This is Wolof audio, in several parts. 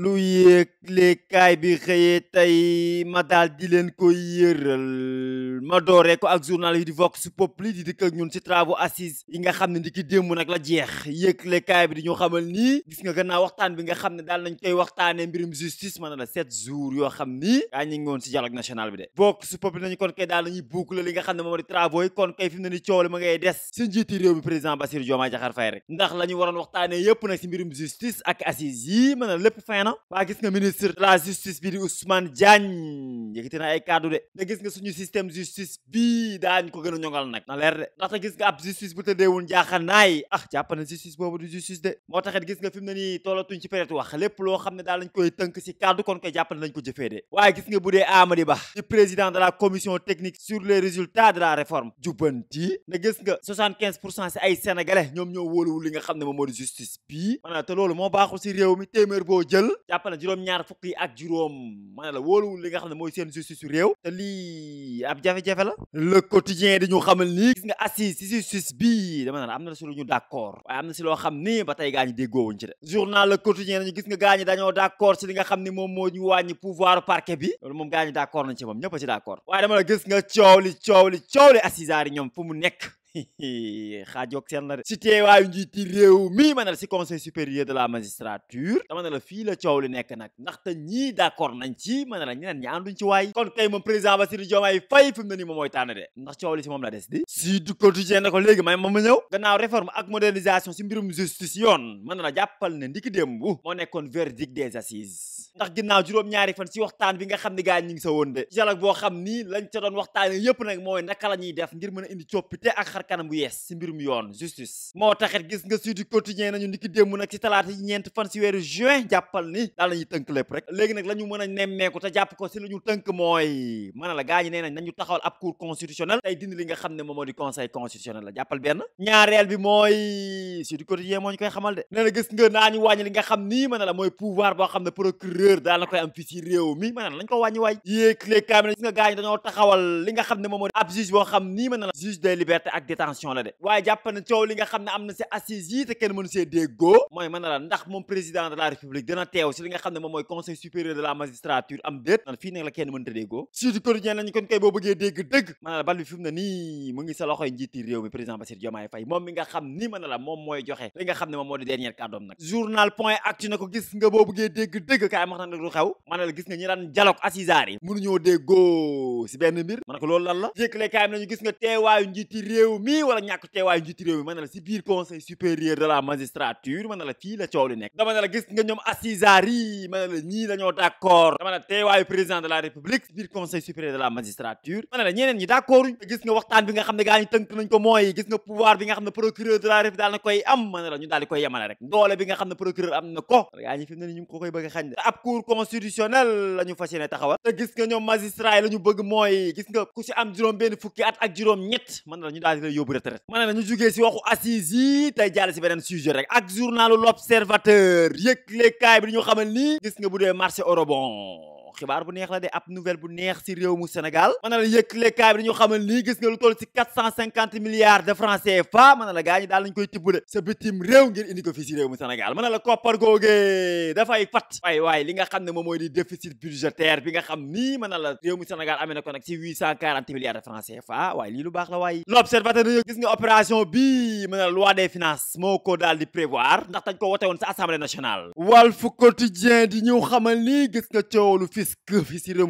lu yëglekaay bi xëyee tey ma daal di leen ko yëral ma dooree ko ak journal yi di Vox Populi di dikk ak ñun ci travaux assises yi nga xam ne ndiki démb nag la jeex yëglekaay bi di ñu xamal nii gis nga gannaaw waxtaan bi nga xam ne daal nañ koy waxtaanee mbirum justice mën na la sept jours yoo xam ni daa ñu ngi ci dialogue national bi de Vox Populi nañu kon kay daal nañuy boucler li nga xam ne moom di travaux yi kon kay fi mu ne ni coow li ma ngay des ci njiiti réew yëpp nag nee na waa gis nga ministre de la justice bi di Ousmane Diagne ay kaddu de ne gis nga suñu système justice bii daañ ko gën a ñongal nag na leer de ndaxte gis nga ab justice bu tëddeewul jaaxal naay ah jàpp na justice boobu du justice de moo taxit gis nga fi ne nii toolatuñ ci période xam ne daal lañ koy tënk si kaddu kon koy jàpp de waaye gis nga bu dee Ba di président de la commission technique sur les résultats de la réforme jubbanti na gis nga 75 pour cent si ay sénégalais jàpp na juróom-ñaar fukk yi ak juróom ma ne la wóoluwul li nga xam ne mooy seen justice su réew te lii ab jafe-jafe la le quotidien dañu xamal nii gis nga assise si justice bii dama ne la am na si lu loo xam ni ba tey gaa ñi déggoowuñ ci de journal le quotidien dañu gis nga gaa dañoo d'accord si li nga xam ni moom moo wàññi pouvoir parquet bi loolu moom gaa d'accord nañ ci moom ñëpp a d'accord waaye dama la gis nga coow li coow li coow li assisaar yi ñoom xaaj yoog seen la de si teewaayu njiiti réew mii ma ne la si conseil supérieur de la magistrature dama ne fii la coow li nekk nag ndaxte ñii d'accord nañ ci ma ne la ñeneen ñi ànduñ ci waay kon kay moom président Bassirou Diomaye Faye fi mu ne nii moom mooy tànn de ndax coow li si moom la des di si du quotidien ne ko léegi may ma ma ñëw gannaaw réforme ak modernisation si mbirum justice ma ne jàppal ne ndiki démb moo nekkoon verdict des assises a xarkanam bu yees si mbirum yoon justice moo taxit gis nga Sud Quotidien nañu niki démb nag ci talaata yi ñeent fan si weeru juin jàppal ni daal lañuy ñu a taxawal ab cour constitutionnel la jàppal benn ñaareel bi mooy Sud Quotidien moo ñu koy xamal de nee gis nga naa wàññi li nga xam nii mën la mooy pouvoir boo xam ne procureur daal na koy am fii si réew mi mën la lañ ko wàññi waay yéeg léeg kaamil gis nga gaa dañoo taxawal li nga xam ne moom détention la de waaye jàpp coow li nga xam ne am na si assises yi te kenn mënu see mooy mën la ndax moom président de la république dina teew si li nga xam ne moom mooy conseil supérieur de la magistrature am déet nan nag la kenn mënta déggoo Sud Quotidien nañu kon kay boo bëggee dégg dëgg mën la bal bi fi mu nii mu ngi sa loxoy njiiti réew mi président Bassirou Diomaye Faye moom mi nga xam ni mën na la moom mooy joxe li nga xam ne mi wala ñàkk teewaayu njiitu réew ma la si biir conseil supérieur de la magistrature ma la fii la coow li la gis nga ñoom assisaar yi ma ne la ñii d'accord dama teewaayu président de la république si biir conseil supérieur de la magistrature ma ne la ñeneen ñi d'accord gis nga waxtaan bi nga xam ne gaa ñu tënk nañ ko mooy gis nga pouvoir bi nga xam ne procureur de la république daal na koy am ma la ñu daal koy yemale rek yo retraite ma ne la ñu jugee si waxu assise si beneen sujet rek ak journalu l'observateur yëgle kaay bi ñu xamal ni gis nga bu dee marché eurobond xibaar bu neex la de ab nouvelle bu neex si réew mu Sénégal mën la yëkkale kaay bi dañu xamal nii gis nga lu toll si milliards de francs CFA mën la gars daal lañ koy tibb de sa bitim réew ngir indi ko fii si réew mu Sénégal mën la koppar googee dafay fat waay waay li nga xam ne moom mooy di déficit budgétaire bi nga xam nii mën la réew mu Sénégal amee ko nag si milliards de francs CFA waaye lii lu baax la waay l'observateur dañu gis nga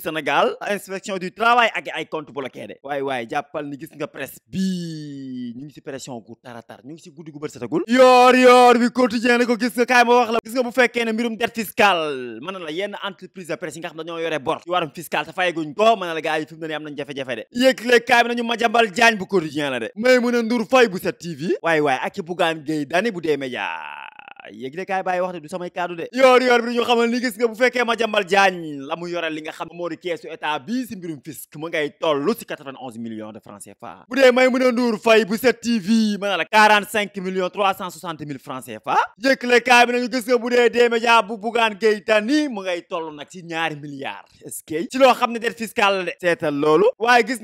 Sénégal inspection du travail ak ay compte bloqué de waaye waaye jàppal ni gis nga presse bii ñu ngi si pression gu taratar ñu ngi si guddi gu bër setagul yoor yoor bi quotidien ne ko gis nga kaay ma wax la gis nga bu fekkee ne mbirum dette fiscale mën na la yenn entreprise de presse yi nga xam dañoo yore bor ci waram fiscal te fayeguñ ko na la gaa yi fi mu jafe-jafe de yëgle kaay bi nañu ma jambal jaañ bu quotidien la de may mën a ndur fay bu i yéegi kaay bàyyi wax de du samay kaddu de yoor yoor bi ñu xamal ni gis nga bu fekkee Madiambal Diagne la mu yoreel li nga xam moo di keesu état bi si mbirum fisc mu ngay tollu si 91 millions de francs CFA bu dee Maïmouna Ndour Faye bu 7TV mën na la 45 millions 360 mille francs CFA yëkkale kaay bi nañu gis nga bu dee D-Média bu Bougane Gueye Dany mu ngay toll nag si ñaari milliards est-ce que loo xam ne dette fiscale la de seetal loolu waaye gis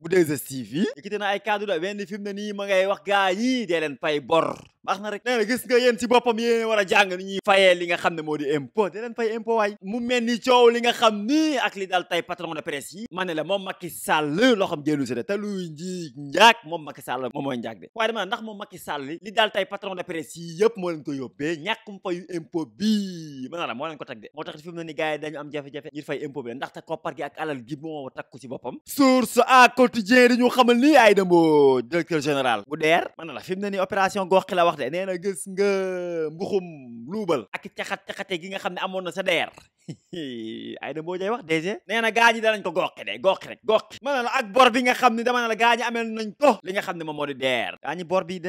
bu 2STV yëkkati na ay kaddu la benn fi mu ne nii ma ngay wax gaa yi pay bor baax na rek nee gis nga yéen ci boppam yéen war a jàng fayee li nga xam ne moo di impôt dee leen pay impôt waay mu mel coow li nga xam ni ak li daal tey patron de presse yi ma ne la moom Macky Sall loxoom génnu si de te luy nji njaag moom Macky Sall moom mooy njaag de waaye dama ndax moom Macky Sall li daal tey patron de presse yi yëpp moo leen ko yóbbee ñàkkum payu impôt bii ma ne ko teg moo tax fi mu yi dañu am jafe-jafe ngir fay impôt bi ndaxte koppar gi ak alal gi quotidien di ñu xamal ni Aïda Mbodj directeur général bu deer man na la fi mu ne ni opération goxi la wax de nee na gis nga mbuxum luubal ak caxat-caxate gi nga xam ne amoon na sa DER ay da boo jay wax DG nee na gaa ñi danañ ko goqi de goqi rek goqi ma ne la ak bor nga xam ne dama ne la gaa ñi nañ ko li nga xam ne moo di deer gaa ñi bor bi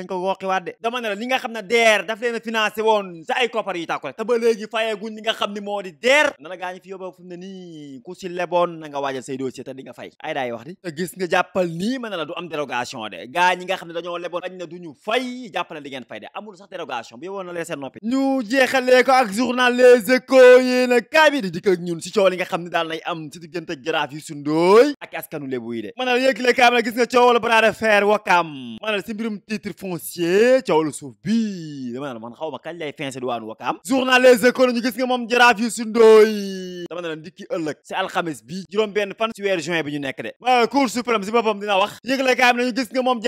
a nii ku si leboon na waajal say dossier te di nga fay ay daay wax di te gis nga jàppal nii ma ne la du am dérogation de gaa nga xam ne dañoo leboon añ na du fay jàppale di ngeen fay de amul sax dérogation bi woon na lee noppi ñu jeexalee ko ak journal Les Échos yéen a bi di dikk ak ñun si coow li nga xam ne daal nay am si diggante jaraaf Youssou Ndoye ak askanu Lebu yi de ma ne la yëkkale kaam la gis nga coow la bras de fer wakaam ma ne la si mbirum titre foncier coow suuf bi dama ne la man xaw ma kañ lay fin si duwaanu wakaam journal Les Échos ñu gis nga moom jaraaf Youssou Ndoye dama ne la si alxames bi juróom benn fan si weer juin bi ñu nekk de ma Cour suprême si boppam dina wax yëkkale kaam la gis nga moom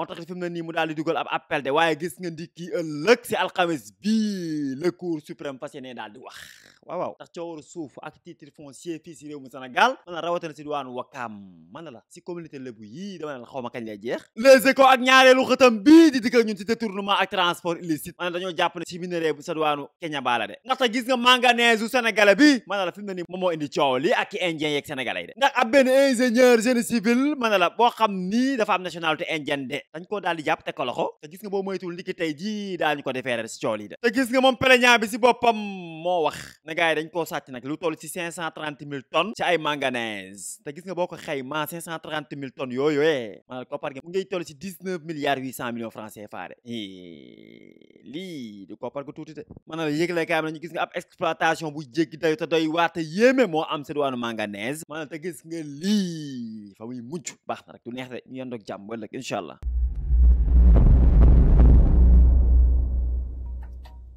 moo tax fi mu ne nii mu daal di dugal ab appel de waaye gis nga ndi kii ëllëg si alxames bii la cour suprême fas yéene daal di wax waaw waaw ndax coowar suuf ak titre foncier fii si réew mu Sénégal mën na rawatina si diwaan Wakaam mën la si communauté lébu yii dama na dañoo jàpp Kenya baala de ndaxte gis nga manganèse u sénégalais bi mën la fi mu ne nii indi coow ak indien yeeg sénégalais yi de ndax ab benn ingénieur civil mën la boo xam nii dafa am nationalité dañ ko daal di jàpp te ko loxo gis nga boo li ndiki tey jii daañu ko defeere si cool yi de te gis nga moom plaignant bi si boppam moo wax na gars yi dañ koo sàcc nag lu toll si cinq cent trente mille tonnes ci ay manganèse te gis nga boo ko xaymaa cinq cent trente mille tonnes yooyooyee maanaam koppar gi mu ngay toll si dix-neuf milliards huit cent millions francs CFA de lii du koppar gu tuuti de maanaam yëgle kaay nañu gis nga ab exploitation bu jéggi day te doy waar te moo am si diwaanu manganèse maanaam gis nga lii fa muy baax na rek du neex de ñu yendoog jàmm ëllëg allah